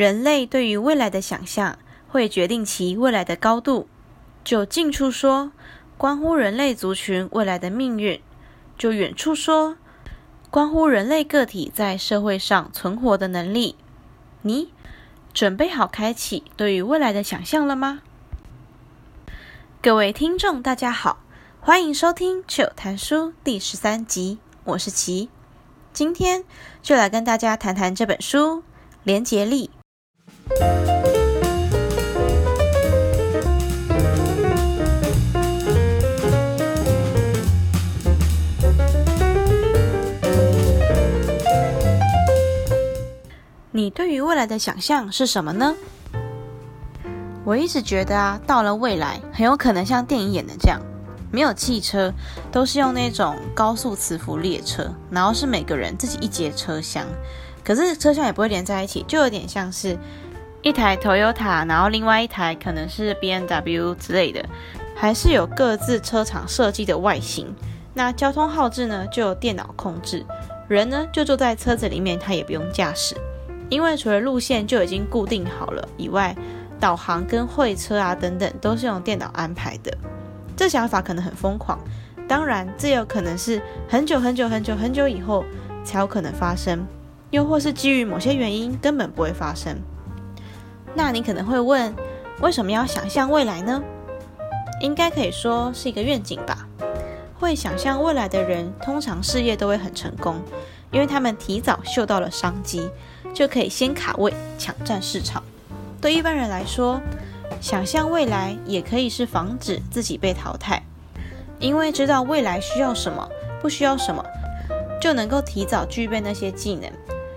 人類對於未來的想象，會決定其未來的高度。就近處說，關乎人類族群未來的命運；就遠處說，關乎人類個體在社會上存活的能力。你準備好開啟對於未來的想象了嗎？各位聽眾，大家好，歡迎收聽《趣談書》第十三集，我是琪，今天就來跟大家談談這本書《連結力》。你對於未來的想象是什麼呢？我一直覺得啊，到了未來很有可能像電影演的這樣，沒有汽車，都是用那種高速磁浮列車，然後是每個人自己一節車廂，可是車廂也不會連在一起，就有點像是，一台 Toyota，然後另外一台可能是 BMW 之類的，還是有各自車廠設計的外形。那交通號志呢，就由電腦控制，人呢就坐在車子裡面，他也不用駕駛，因為除了路線就已經固定好了以外，導航跟會車啊等等都是用電腦安排的。這想法可能很瘋狂，當然這有可能是很久很久很久很久以後才有可能發生，又或是基於某些原因根本不會發生。那你可能會問，為什麼要想象未來呢？應該可以說是一個願景吧。會想象未來的人，通常事業都會很成功，因為他們提早嗅到了商機，就可以先卡位搶佔市場。對一般人來說，想象未來也可以是防止自己被淘汰，因為知道未來需要什麼，不需要什麼，就能夠提早具備那些技能，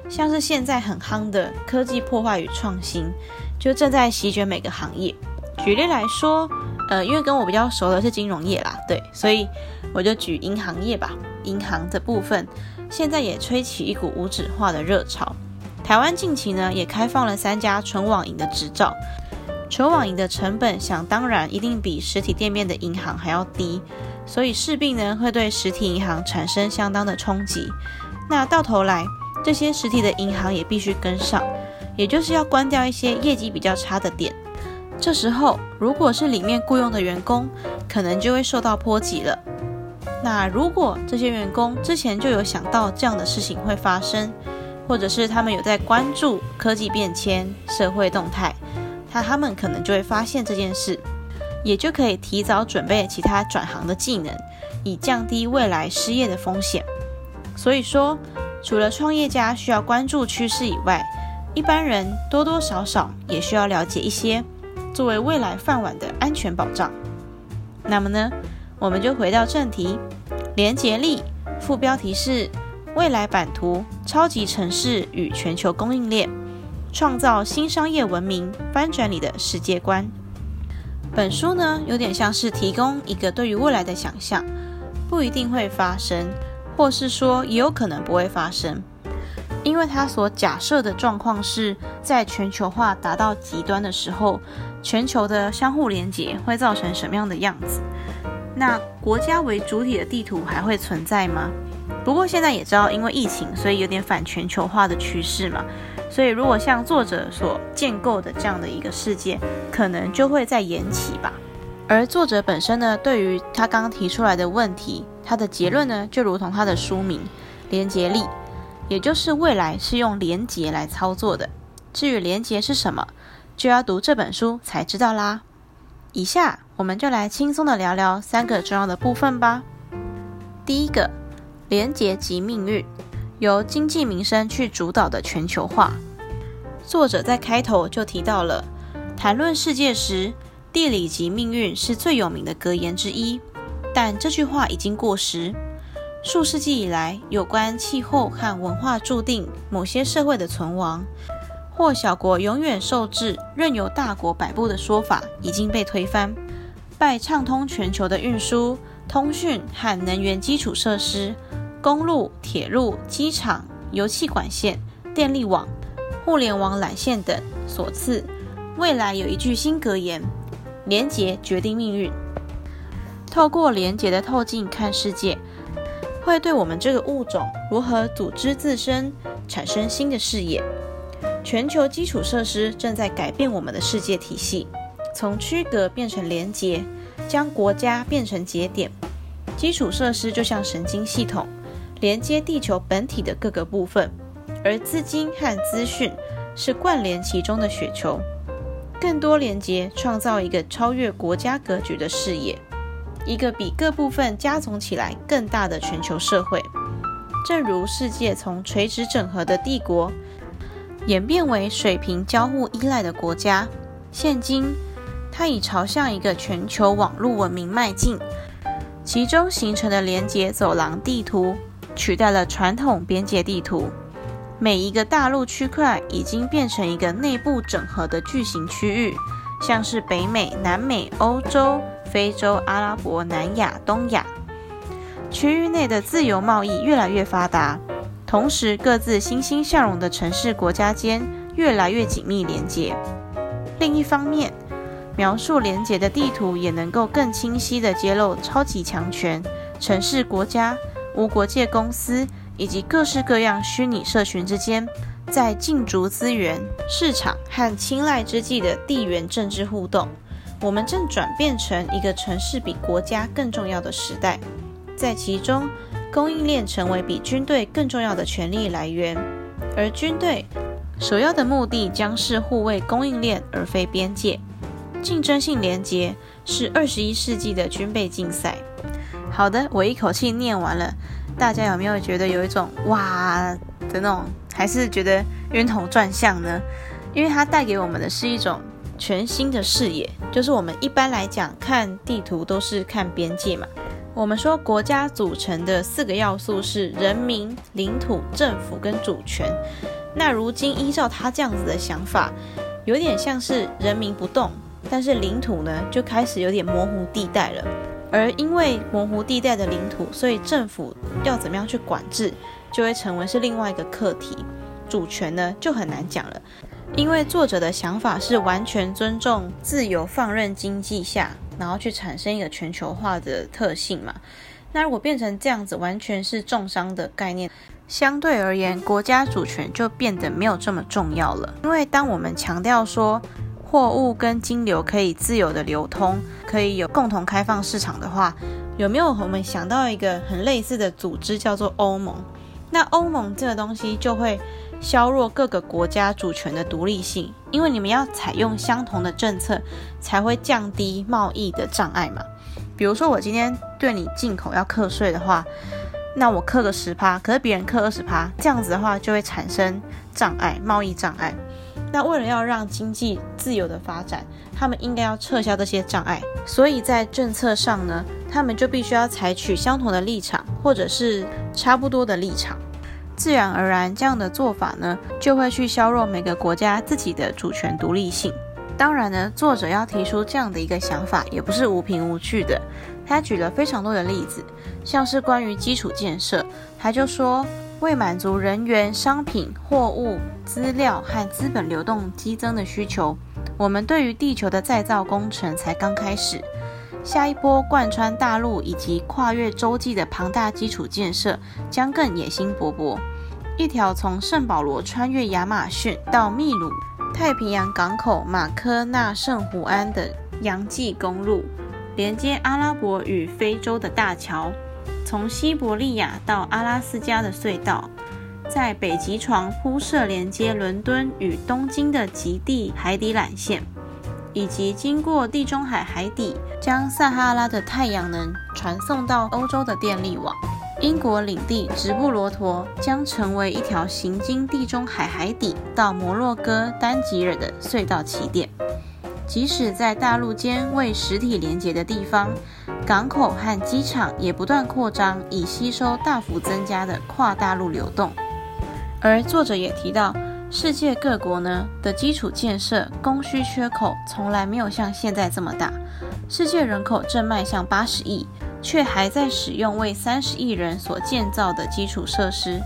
像是現在很夯的科技破壞與創新。就正在席捲每個行業。舉例來說，呃，因為跟我比較熟的是金融業啦，對，所以我就舉銀行業吧。銀行的部分，現在也吹起一股無紙化的熱潮。台灣近期呢，也開放了三家純網銀的執照。純網銀的成本，想當然一定比實體店面的銀行還要低，所以勢必呢會對實體銀行產生相當的衝擊。那到頭來，這些實體的銀行也必須跟上。也就是要關掉一些業績比較差的點，這時候如果是裡面僱傭的員工，可能就會受到波及了。那如果這些員工之前就有想到這樣的事情會發生，或者是他們有在關注科技變遷、社會動態，那他們可能就會發現這件事，也就可以提早準備其他轉行的技能，以降低未來失業的風險。所以說，除了創業家需要關注趨勢以外，一般人多多少少也需要了解一些，作為未來飯碗的安全保障。那麼呢，我們就回到正題。連結力副標題是未來版圖、超級城市與全球供應鏈，創造新商業文明，翻轉你的世界觀。本書呢，有點像是提供一個對於未來的想象，不一定會發生，或是說也有可能不會發生。因為他所假設的狀況是在全球化達到極端的時候，全球的相互連接會造成什麼樣的樣子？那國家為主體的地圖還會存在嗎？不過現在也知道，因為疫情，所以有點反全球化的趨勢嘛。所以如果像作者所建構的這樣的一個世界，可能就會再延期吧。而作者本身呢，對於他剛剛提出來的問題，他的結論呢，就如同他的書名《連結力》。也就是未來是用連結來操作的。至於連結是什麼，就要讀這本書才知道啦。以下我們就來輕鬆地聊聊三個重要的部分吧。第一個，連結及命運，由經濟民生去主導的全球化。作者在開頭就提到了，談論世界時，地理及命運是最有名的格言之一，但這句話已經過時。數世紀以來，有關氣候和文化注定某些社會的存亡，或小國永遠受制、任由大國擺布的說法已經被推翻。拜暢通全球的運輸、通訊和能源基礎設施（公路、鐵路、機場、油氣管線、電力網、互聯網纜線等）所賜，未來有一句新格言：“連結決定命運。”透過連結的透鏡看世界。會對我們這個物種如何組織自身產生新的視野。全球基礎設施正在改變我們的世界體系，從區隔變成連接，將國家變成節點。基礎設施就像神經系統，連接地球本體的各個部分，而資金和資訊是關聯其中的雪球。更多連接創造一個超越國家格局的視野。一個比各部分加總起來更大的全球社會，正如世界從垂直整合的帝國演變為水平交互依賴的國家，現今它已朝向一個全球網絡文明邁進。其中形成的連接走廊地圖取代了傳統邊界地圖，每一個大陸區塊已經變成一個內部整合的巨型區域，像是北美、南美、歐洲。非洲、阿拉伯、南亞、東亞區域內的自由貿易越來越發達，同時各自欣欣向榮的城市國家間越來越緊密連接。另一方面，描述連接的地圖也能夠更清晰地揭露超級強權、城市國家、無國界公司以及各式各樣虛擬社群之間，在競逐資源、市場和青睞之際的地緣政治互動。我們正轉變成一個城市比國家更重要的時代，在其中，供應鏈成為比軍隊更重要的權力來源，而軍隊首要的目的將是護衛供應鏈而非邊界。競爭性連接是二十一世紀的軍備競賽。好的，我一口氣念完了，大家有沒有覺得有一種哇的那種，還是覺得暈頭轉向呢？因為它帶給我們的是一種。全新的視野，就是我們一般來講看地圖都是看邊界嘛。我們說國家組成的四個要素是人民、領土、政府跟主權。那如今依照他這樣子的想法，有點像是人民不動，但是領土呢就開始有點模糊地帶了。而因為模糊地帶的領土，所以政府要怎麼樣去管制，就會成為是另外一個課題。主權呢就很難講了。因為作者的想法是完全尊重自由放任經濟下，然後去產生一個全球化的特性嘛。那如果變成這樣子，完全是重商的概念。相對而言，國家主權就變得沒有這麼重要了。因為當我們強調說貨物跟金流可以自由的流通，可以有共同開放市場的話，有沒有我們想到一個很類似的組織叫做歐盟？那歐盟這個東西就會削弱各個國家主權的獨立性，因為你們要採用相同的政策，才會降低貿易的障礙嘛。比如說，我今天對你進口要課稅的話，那我課個十趴，可是別人課二十趴，這樣子的話就會產生障礙，貿易障礙。那為了要讓經濟自由的發展，他們應該要撤銷這些障礙。所以在政策上呢，他們就必須要採取相同的立場，或者是差不多的立場。自然而然，這樣的做法呢，就會去削弱每個國家自己的主權獨立性。當然呢，作者要提出這樣的一個想法，也不是無憑無據的。他舉了非常多的例子，像是關於基礎建設，他就說，為滿足人員、商品、貨物、資料和資本流動激增的需求，我們對於地球的再造工程才剛開始。下一波貫穿大陸以及跨越洲際的龐大基礎建設，將更野心勃勃。一條從聖保羅穿越亞馬遜到秘魯太平洋港口馬科納聖胡安的洋際公路，連接阿拉伯與非洲的大橋，從西伯利亞到阿拉斯加的隧道，在北極床鋪設連接倫敦與東京的極地海底纜線，以及經過地中海海底將撒哈拉的太陽能傳送到歐洲的電力網。英國領地直布羅陀將成為一條行經地中海海底到摩洛哥丹吉爾的隧道起點。即使在大陸間未實體連接的地方，港口和機場也不斷擴張，以吸收大幅增加的跨大陸流動。而作者也提到，世界各國呢的基礎建設供需缺口從來沒有像現在這麼大。世界人口正邁向八十億。卻還在使用為三十億人所建造的基礎設施。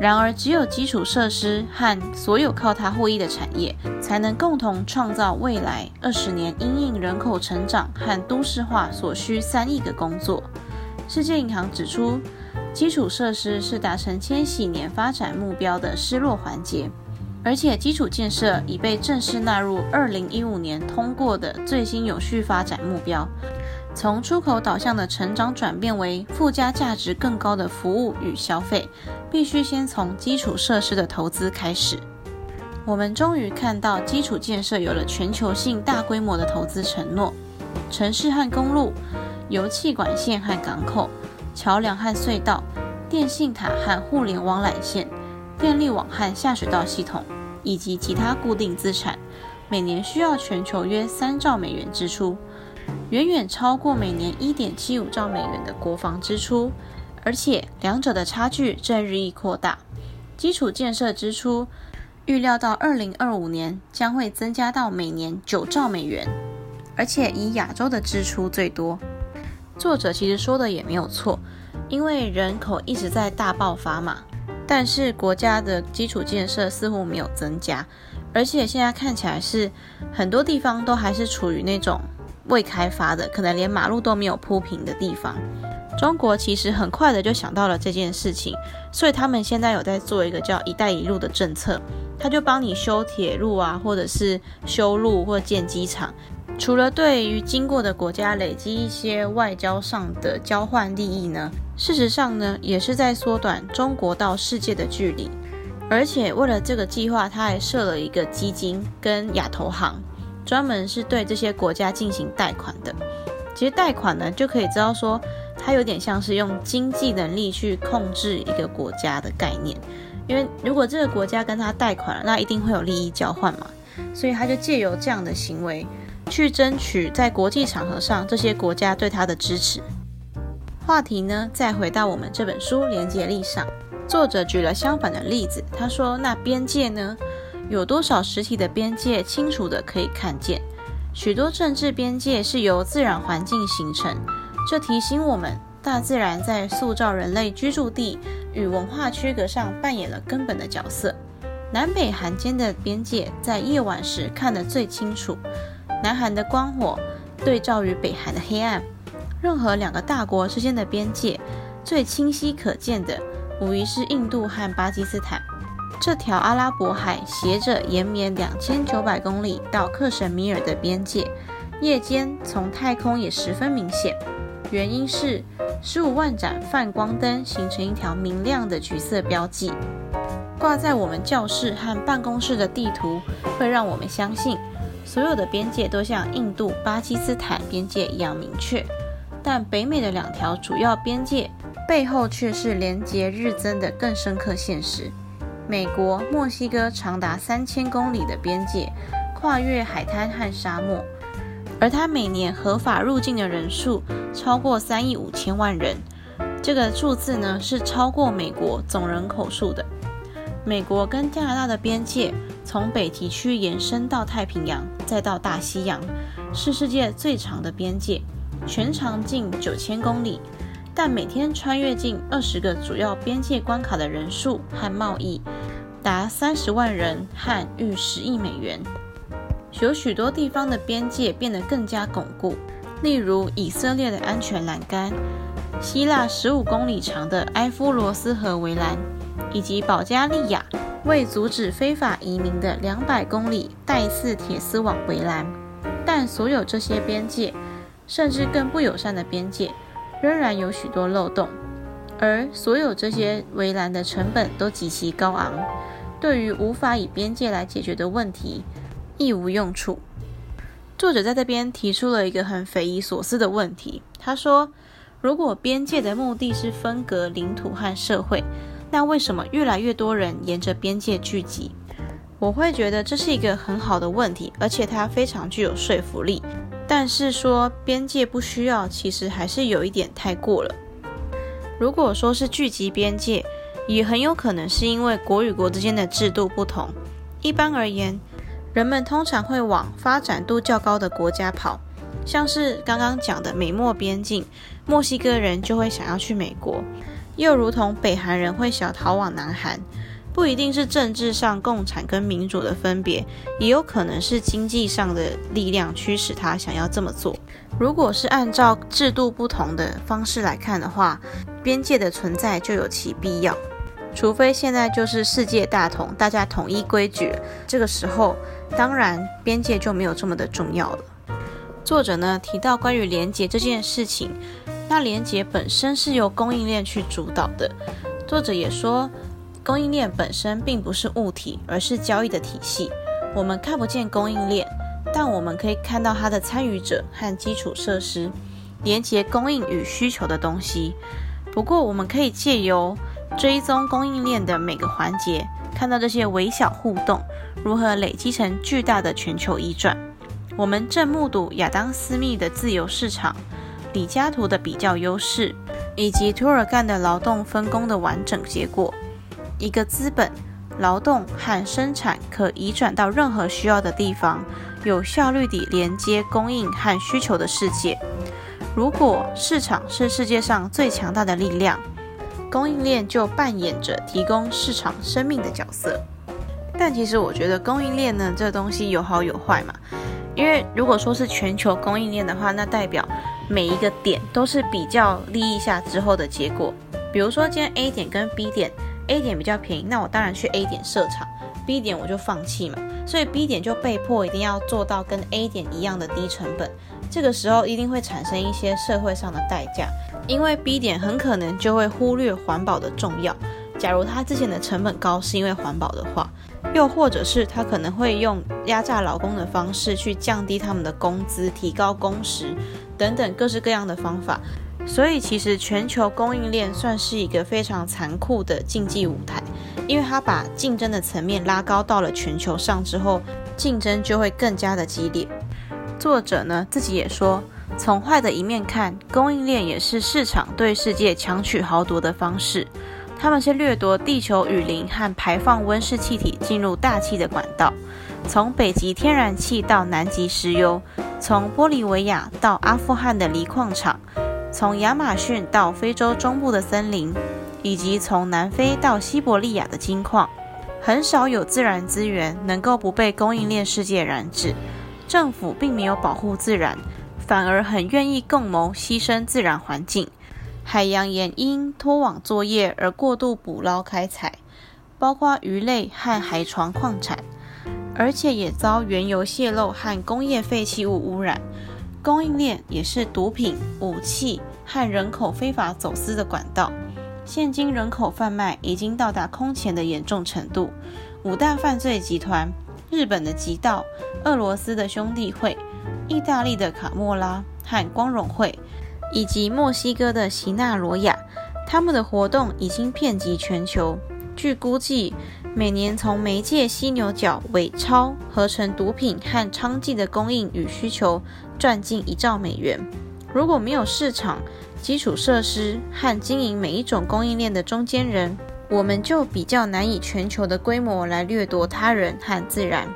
然而，只有基礎設施和所有靠它獲益的產業，才能共同創造未來二十年因應人口成長和都市化所需三億個工作。世界銀行指出，基礎設施是達成千禧年發展目標的失落環節，而且基礎建設已被正式納入二零一五年通過的最新永續發展目標。從出口導向的成長轉變為附加價值更高的服務與消費，必須先從基礎設施的投資開始。我們終於看到基礎建設有了全球性大規模的投資承諾：城市和公路、油氣管線和港口、橋樑和隧道、電信塔和互聯網纜線、電力網和下水道系統以及其他固定資產，每年需要全球約三兆美元支出。遠遠超過每年一點七五兆美元的國防支出，而且兩者的差距正日益擴大。基礎建設支出預料到二零二五年將會增加到每年九兆美元，而且以亞洲的支出最多。作者其實說的也沒有錯，因為人口一直在大爆發嘛，但是國家的基礎建設似乎沒有增加，而且現在看起來是很多地方都還是處於那種。未開發的，可能連馬路都沒有鋪平的地方。中國其實很快的就想到了這件事情，所以他們現在有在做一個叫“一帶一路”的政策，他就幫你修鐵路啊，或者是修路或建機場。除了對於經過的國家累積一些外交上的交換利益呢，事實上呢，也是在縮短中國到世界的距離。而且為了這個計劃，他還設了一個基金跟亞投行。專門是對這些國家進行貸款的，其實貸款呢，就可以知道說，它有點像是用經濟能力去控制一個國家的概念，因為如果這個國家跟他貸款了，那一定會有利益交換嘛，所以他就借由這樣的行為去爭取在國際場合上這些國家對他的支持。話題呢，再回到我們這本書連結力上，作者舉了相反的例子，他說，那邊界呢？有多少實體的邊界清楚的可以看見？許多政治邊界是由自然環境形成，這提醒我們，大自然在塑造人類居住地與文化區隔上扮演了根本的角色。南北韓間的邊界在夜晚時看得最清楚，南韓的光火對照於北韓的黑暗。任何兩個大國之間的邊界最清晰可見的，無疑是印度和巴基斯坦。這條阿拉伯海斜着延綿兩千九百公里到克什米爾的邊界，夜間從太空也十分明顯。原因是十五萬盞泛光燈形成一條明亮的橘色標記，掛在我們教室和辦公室的地圖會讓我們相信，所有的邊界都像印度巴基斯坦邊界一樣明確。但北美的兩條主要邊界背後卻是連接日增的更深刻現實。美國墨西哥長達三千公里的邊界，跨越海灘和沙漠，而它每年合法入境的人數超過三億五千萬人，這個數字呢，是超過美國總人口數的。美國跟加拿大的邊界從北極區延伸到太平洋，再到大西洋，是世界最長的邊界，全長近九千公里，但每天穿越近二十個主要邊界關卡的人數和貿易，達三十萬人和逾十億美元。有許多地方的邊界變得更加鞏固，例如以色列的安全欄杆、希臘十五公里長的埃夫羅斯河圍欄，以及保加利亞為阻止非法移民的兩百公里帶刺鐵絲網圍欄。但所有這些邊界，甚至更不友善的邊界，仍然有許多漏洞，而所有這些圍欄的成本都極其高昂。對於無法以邊界來解決的問題，亦無用處。作者在這邊提出了一個很匪夷所思的問題，他說：“如果邊界的目的是分隔領土和社會，那為什麼越來越多人沿着邊界聚集？”我會覺得這是一個很好的問題，而且它非常具有說服力。但是說邊界不需要，其實還是有一點太過了。如果說是聚集邊界，也很有可能是因為國與國之間的制度不同。一般而言，人們通常會往發展度較高的國家跑，像是剛剛講的美墨邊境，墨西哥人就會想要去美國；又如同北韓人會想逃往南韓，不一定是政治上共產跟民主的分別，也有可能是經濟上的力量驅使他想要這麼做。如果是按照制度不同的方式來看的話，邊界的存在就有其必要。除非現在就是世界大同，大家統一規矩，這個時候當然邊界就沒有這麼的重要了。作者呢提到關於連結這件事情，那連結本身是由供應鏈去主導的。作者也說，供應鏈本身並不是物體，而是交易的體系。我們看不見供應鏈，但我們可以看到它的參與者和基礎設施，連接供應與需求的東西。不過我們可以借由追蹤供應鏈的每個環節，看到這些微小互動如何累積成巨大的全球移轉。我們正目睹亞當·斯密的自由市場、李嘉圖的比較優勢，以及涂爾幹的勞動分工的完整結果——一個資本、勞動和生產可移轉到任何需要的地方，有效率地連接供應和需求的世界。如果市場是世界上最強大的力量。供應鏈就扮演着提供市場生命的角色，但其實我覺得供應鏈呢，這東西有好有壞嘛。因為如果說是全球供應鏈的話，那代表每一個點都是比較利益下之後的結果。比如說今天 A 點跟 B 點，A 點比較便宜，那我當然去 A 點設廠。B 點我就放棄嘛，所以 B 點就被迫一定要做到跟 A 點一樣的低成本。這個時候一定會產生一些社會上的代價，因為 B 點很可能就會忽略環保的重要。假如他之前的成本高是因為環保的話，又或者是他可能會用壓榨勞工的方式去降低他們的工資、提高工時等等各式各樣的方法。所以，其實全球供應鏈算是一個非常殘酷的競技舞台，因為它把競爭的層面拉高到了全球上之後，競爭就會更加的激烈。作者呢，自己也說，從壞的一面看，供應鏈也是市場對世界強取豪奪的方式，他們是掠奪地球雨林和排放溫室氣體進入大氣的管道，從北極天然氣到南極石油，從玻利維亞到阿富汗的鋰礦場。從亞馬遜到非洲中部的森林，以及從南非到西伯利亞的金礦，很少有自然資源能夠不被供應鏈世界染指。政府並沒有保護自然，反而很願意共謀犧牲自然環境。海洋也因拖網作業而過度捕撈開採，包括魚類和海床礦產，而且也遭原油泄漏和工業廢棄物污染。供應鏈也是毒品、武器和人口非法走私的管道。現今人口販賣已經到達空前的嚴重程度。五大犯罪集團：日本的極道、俄羅斯的兄弟會、意大利的卡莫拉和光榮會，以及墨西哥的席納羅亞。他們的活動已經遍及全球。據估計，每年從媒介犀牛角、偽鈔、合成毒品和娼妓的供應與需求。賺進一兆美元。如果沒有市場、基礎設施和經營每一種供應鏈的中間人，我們就比較難以全球的規模來掠奪他人和自然。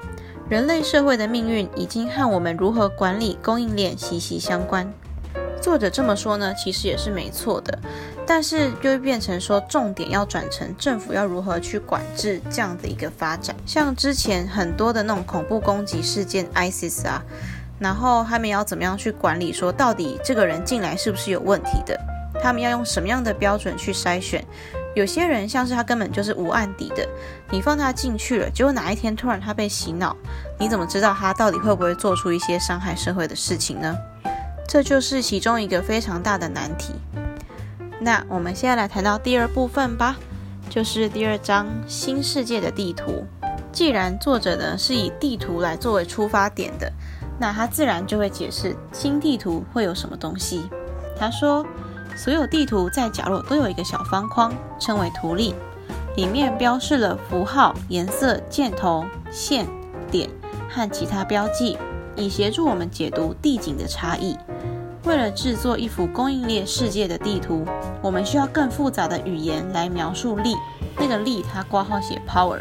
人類社會的命運已經和我們如何管理供應鏈息息相關。作者這麼說呢，其實也是沒錯的，但是就會變成說重點要轉成政府要如何去管制這樣的一個發展。像之前很多的那種恐怖攻擊事件，ISIS 啊。然後他們要怎麼樣去管理？說到底，這個人進來是不是有問題的？他們要用什麼樣的標準去篩選？有些人像是他根本就是無案底的，你放他進去了，結果哪一天突然他被洗腦，你怎麼知道他到底會不會做出一些傷害社會的事情呢？這就是其中一個非常大的難題。那我們現在來談到第二部分吧，就是第二章《新世界的地圖》。既然作者呢是以地圖來作為出發點的。那他自然就會解釋新地圖會有什麼東西。他說，所有地圖在角落都有一個小方框，稱為圖例，裡面標示了符號、顏色、箭頭、線、點和其他標記，以協助我們解讀地景的差異。為了製作一幅供應鏈世界的地圖，我們需要更複雜的語言來描述力。那個力，他括號寫 power。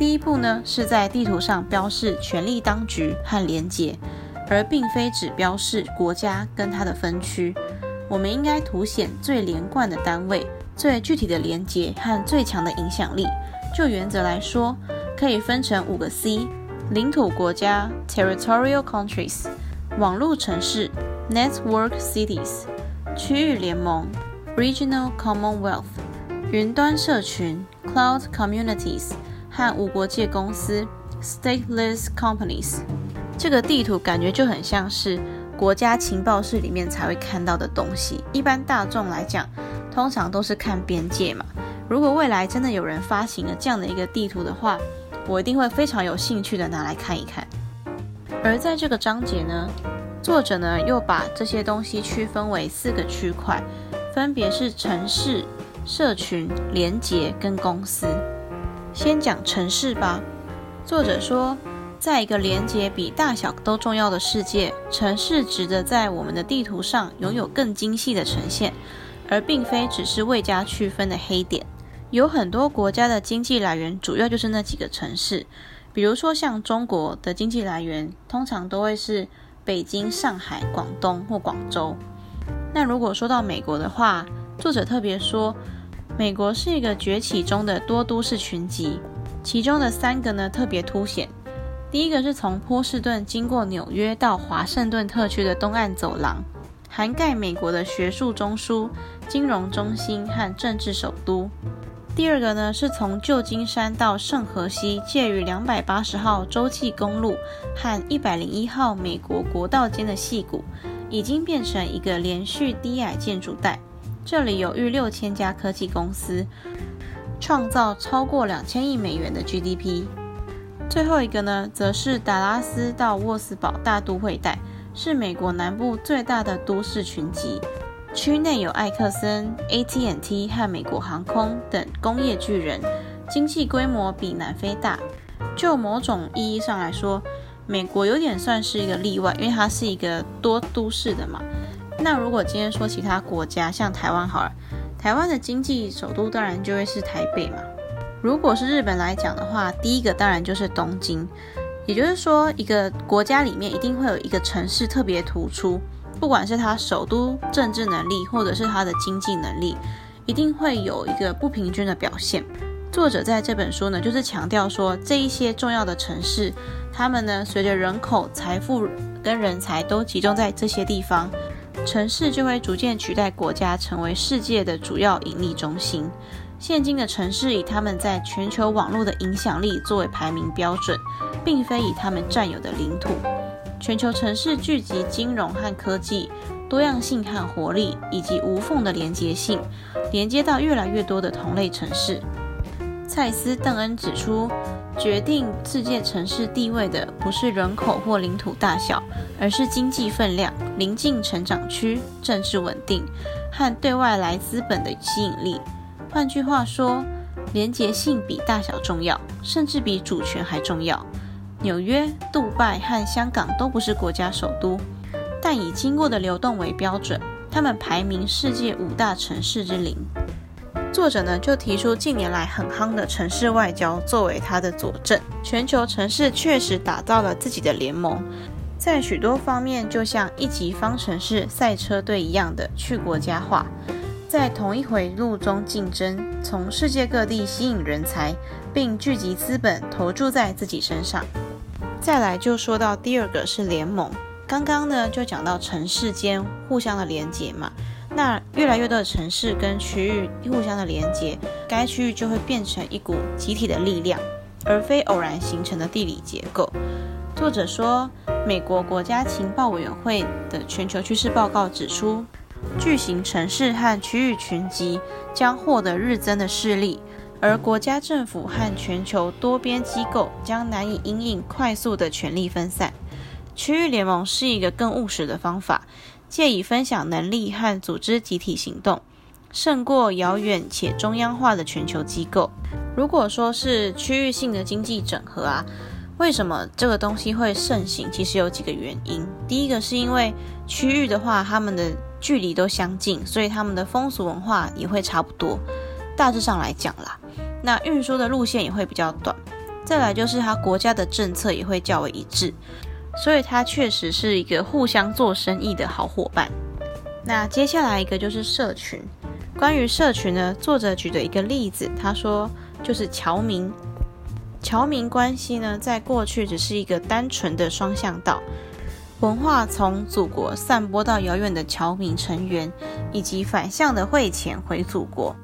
第一步呢，是在地圖上標示權力當局和連結，而並非只標示國家跟它的分區。我們應該凸顯最連貫的單位、最具體的連結和最強的影響力。就原則來說，可以分成五個 C：領土國家 （Territorial Countries）、網絡城市 （Network Cities）、區域聯盟 （Regional Commonwealth）、雲端社群 （Cloud Communities）。和無國界公司 （Stateless Companies） 這個地圖感覺就很像是國家情報室裡面才會看到的東西。一般大眾來講，通常都是看邊界嘛。如果未來真的有人發行了這樣的一個地圖的話，我一定會非常有興趣的拿來看一看。而在這個章節呢，作者呢又把這些東西區分為四個區塊，分別是城市、社群、連結跟公司。先講城市吧。作者說，在一個連接比大小都重要的世界，城市值得在我們的地圖上擁有更精細的呈現，而並非只是未加區分的黑點。有很多國家的經濟來源主要就是那幾個城市，比如說像中國的經濟來源通常都會是北京、上海、廣東或廣州。那如果說到美國的話，作者特別說。美國是一個崛起中的多都市群集，其中的三個呢，特別凸顯。第一個是從波士頓經過紐約到華盛頓特區的東岸走廊，涵蓋美國的學術中樞、金融中心和政治首都。第二個呢，是從舊金山到聖荷西，介於兩百八十號洲際公路和一百零一號美國國道間的矽谷，已經變成一個連續低矮建築帶。這裡有逾六千家科技公司，創造超過兩千億美元的 GDP。最後一個呢，則是達拉斯到沃斯堡大都會帶，是美國南部最大的都市群集。區內有艾克森、AT&T 和美國航空等工業巨人，經濟規模比南非大。就某種意義上來說，美國有點算是一個例外，因為它是一個多都市的嘛。那如果今天說其他國家，像台灣好了，台灣的經濟首都當然就會是台北嘛。如果是日本來講的話，第一個當然就是東京。也就是說，一個國家裡面一定會有一個城市特別突出，不管是它首都政治能力，或者是它的經濟能力，一定會有一個不平均的表現。作者在這本書呢，就是強調說，這一些重要的城市，他們呢隨着人口、財富跟人才都集中在這些地方。城市就會逐漸取代國家，成為世界的主要盈利中心。現今的城市以他們在全球網絡的影響力作為排名標準，並非以他們占有的領土。全球城市聚集金融和科技、多樣性、和活力，以及無縫的連接性，連接到越來越多的同類城市。蔡斯·鄧恩指出。決定世界城市地位的不是人口或領土大小，而是經濟分量、臨近成長區、政治穩定和對外來資本的吸引力。換句話說，連結性比大小重要，甚至比主權還重要。紐約、杜拜和香港都不是國家首都，但以經過的流動為標準，它們排名世界五大城市之林。作者呢就提出近年來很夯的城市外交作為他的佐證，全球城市確實打造了自己的聯盟，在許多方面就像一級方程式賽車隊一樣的去國家化，在同一迴路中競爭，從世界各地吸引人才，並聚集資本投注在自己身上。再來就說到第二個是聯盟，剛剛呢就講到城市間互相的連結嘛。那越來越多的城市跟區域互相的連接，該區域就會變成一股集體的力量，而非偶然形成的地理結構。作者說，美國國家情報委員會的全球趨勢報告指出，巨型城市和區域群集將獲得日增的勢力，而國家政府和全球多邊機構將難以因應快速的權力分散。區域聯盟是一個更務實的方法。借以分享能力和組織集體行動，勝過遙遠且中央化的全球機構。如果說是區域性的經濟整合啊，為什麼這個東西會盛行？其實有幾個原因。第一個是因為區域的話，他們的距離都相近，所以他們的風俗文化也會差不多。大致上來講啦，那運輸的路線也會比較短。再來就是它國家的政策也會較為一致。所以，他確實是一個互相做生意的好夥伴。那接下來一個就是社群。關於社群呢，作者舉的一個例子，他說就是僑民。僑民關係呢，在過去只是一個單純的雙向道，文化從祖國散播到遙遠的僑民成員，以及反向的匯錢回祖國。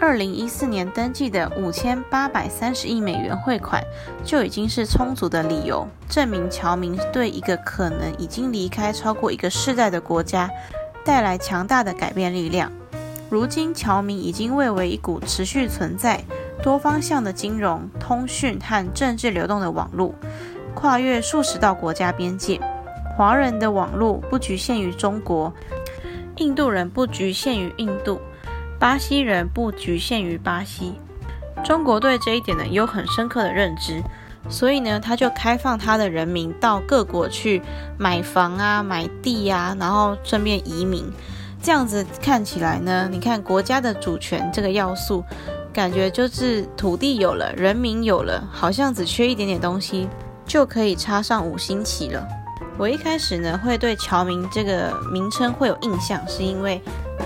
二零一四年登記的五千八百三十億美元匯款就已經是充足的理由，證明僑民對一個可能已經離開超過一個世代的國家帶來強大的改變力量。如今，僑民已經蔚為一股持續存在、多方向的金融、通訊和政治流動的網絡，跨越數十道國家邊界。華人的網絡不局限於中國，印度人不局限於印度。巴西人不局限於巴西，中國對這一點呢有很深刻的認知，所以呢他就開放他的人民到各國去買房啊、買地呀、啊，然後順便移民。這樣子看起來呢，你看國家的主權這個要素，感覺就是土地有了，人民有了，好像只缺一點點東西就可以插上五星旗了。我一開始呢會對僑民這個名稱會有印象，是因為。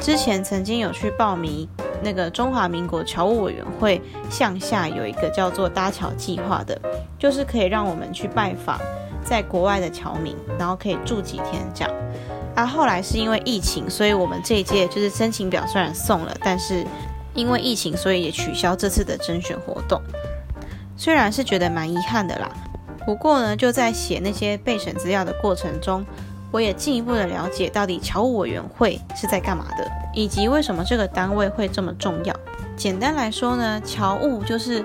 之前曾經有去報名那個中華民國僑務委員會向下有一個叫做搭橋計劃的，就是可以讓我們去拜訪在國外的僑民，然後可以住幾天這樣。啊，後來是因為疫情，所以我們這一屆就是申請表雖然送了，但是因為疫情，所以也取消這次的甄選活動。雖然是覺得蠻遺憾的啦，不過呢，就在寫那些備審資料的過程中，我也進一步的了解到底僑務委員會是在幹嘛的，以及為什麼這個單位會這麼重要。簡單來說呢，僑務就是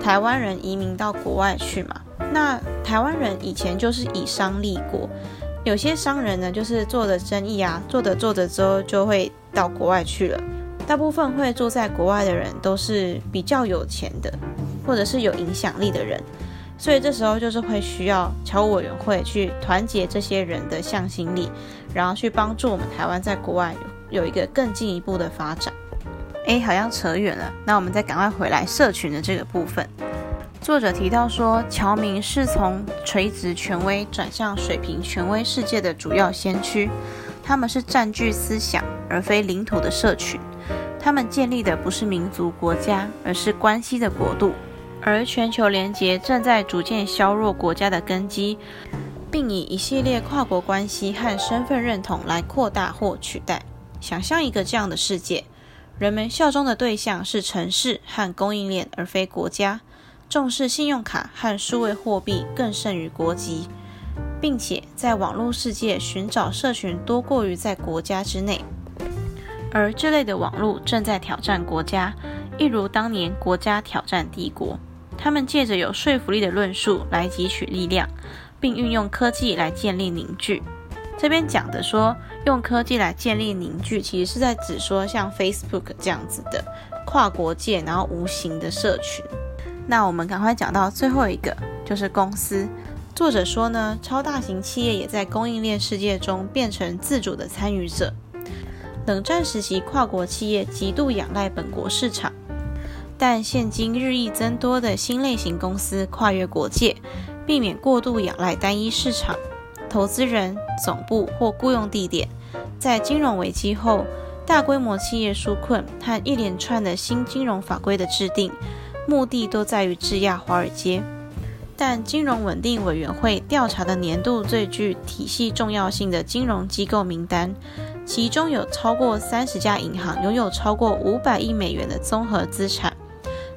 台灣人移民到國外去嘛。那台灣人以前就是以商立國，有些商人呢就是做的生意啊，做著做著之後就會到國外去了。大部分會住在國外的人都是比較有錢的，或者是有影響力的人。所以這時候就是會需要僑務委員會去團結這些人的向心力，然後去幫助我們台灣在國外有一個更進一步的發展。哎，好像扯遠了，那我們再趕快回來社群的這個部分。作者提到說，僑民是從垂直權威轉向水平權威世界的主要先驅，他們是佔據思想而非領土的社群，他們建立的不是民族國家，而是關係的國度。而全球聯結正在逐漸削弱國家的根基，並以一系列跨國關係和身份認同來擴大或取代。想象一個這樣的世界：人們效忠的對象是城市和供應鏈，而非國家；重視信用卡和數位貨幣更勝於國籍，並且在網絡世界尋找社群多過於在國家之內。而這類的網絡正在挑戰國家，一如當年國家挑戰帝國。他們借着有說服力的論述來汲取力量，並運用科技來建立凝聚。這邊講的說，用科技來建立凝聚，其實是在指說像 Facebook 這樣子的跨國界，然後無形的社群。那我們趕快講到最後一個，就是公司。作者說呢，超大型企業也在供應鏈世界中變成自主的參與者。冷戰時期，跨國企業極度仰賴本國市場。但現今日益增多的新類型公司跨越國界，避免過度仰賴單一市場、投資人、總部或雇用地點。在金融危機後，大規模企業紓困和一連串的新金融法規的制定，目的都在於制壓華爾街。但金融穩定委員會調查的年度最具體系重要性的金融機構名單，其中有超過三十家銀行擁有超過五百億美元的綜合資產。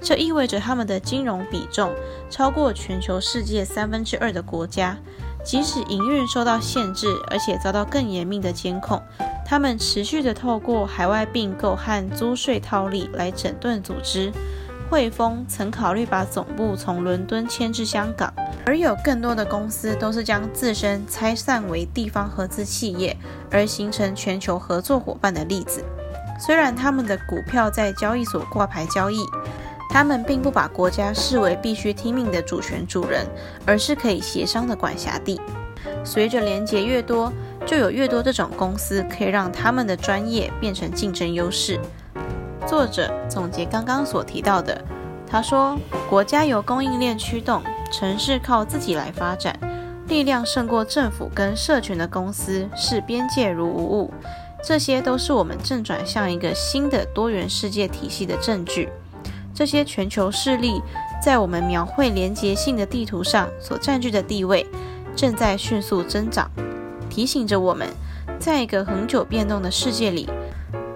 這意味着他們的金融比重超過全球世界三分之二的國家，即使營運受到限制，而且遭到更嚴密的監控，他們持續地透過海外併購和租稅套利來整頓組織。匯豐曾考慮把總部從倫敦遷至香港，而有更多的公司都是將自身拆散為地方合資企業，而形成全球合作夥伴的例子。雖然他們的股票在交易所掛牌交易。他們並不把國家視為必須聽命的主權主人，而是可以協商的管轄地。隨着連接越多，就有越多這種公司可以讓他們的專業變成競爭優勢。作者總結剛剛所提到的，他說：“國家由供應鏈驅動，城市靠自己來發展，力量勝過政府跟社群的公司視邊界如無物。”這些都是我們正轉向一個新的多元世界體系的證據。這些全球勢力在我們描繪連結性的地圖上所占據的地位正在迅速增長，提醒着我們，在一個恆久變動的世界裡，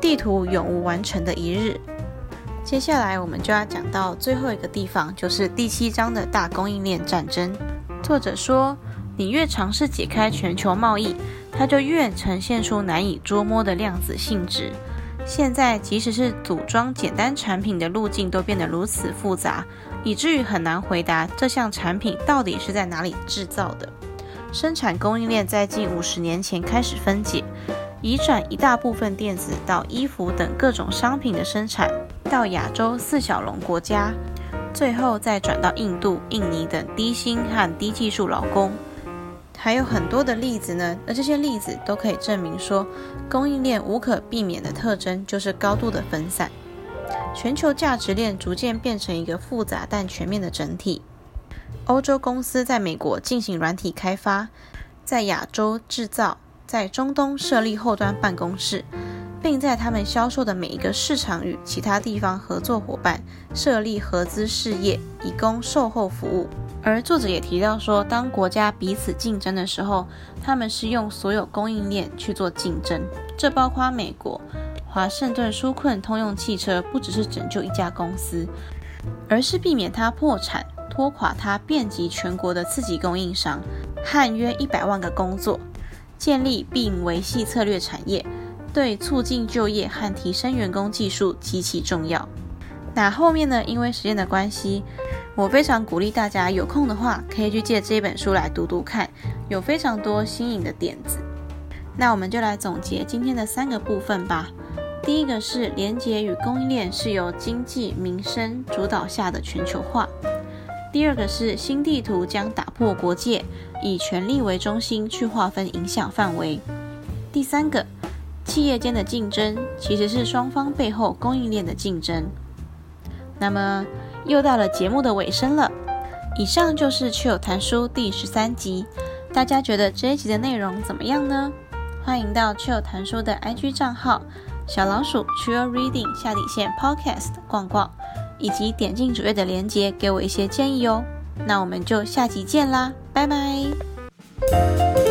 地圖永無完成的一日。接下來我們就要講到最後一個地方，就是第七章的大供應鏈戰爭。作者說：“你越嘗試解開全球貿易，它就越呈現出難以捉摸的量子性質。”現在，即使是組裝簡單產品的路徑都變得如此複雜，以至於很難回答這項產品到底是在哪裡制造的。生產供應鏈在近五十年前開始分解，移轉一大部分電子到衣服等各種商品的生產，到亞洲四小龍國家，最後再轉到印度、印尼等低薪和低技術勞工。還有很多的例子呢，而這些例子都可以證明說，供應鏈無可避免的特徵就是高度的分散。全球價值鏈逐漸變成一個複雜但全面的整體。歐洲公司在美國進行軟體開發，在亞洲制造，在中東設立後端辦公室，並在他們銷售的每一個市場與其他地方合作夥伴設立合資事業，以供售後服務。而作者也提到說，當國家彼此競爭的時候，他們是用所有供應鏈去做競爭。這包括美國，華盛頓紓困通用汽車，不只是拯救一家公司，而是避免它破產，拖垮它遍及全國的次級供應商，和約一百萬個工作，建立並維繫策略產業，對促進就業和提升員工技術極其重要。那後面呢？因為時間的關係。我非常鼓勵大家有空的話，可以去借這本書來讀讀看，有非常多新穎的點子。那我們就來總結今天的三個部分吧。第一個是連結與供應鏈是由經濟民生主導下的全球化；第二個是新地圖將打破國界，以權力為中心去劃分影響範圍；第三個，企業間的競爭其實是雙方背後供應鏈的競爭。那麼。又到了節目的尾聲了，以上就是 Chill 談書第十三集，大家覺得這一集的內容怎麼樣呢？歡迎到 Chill 談書的 IG 賬號小老鼠 Chill Reading 下底線 Podcast 逛逛，以及點進主頁的鏈接，給我一些建議哦。那我們就下集見啦，拜拜。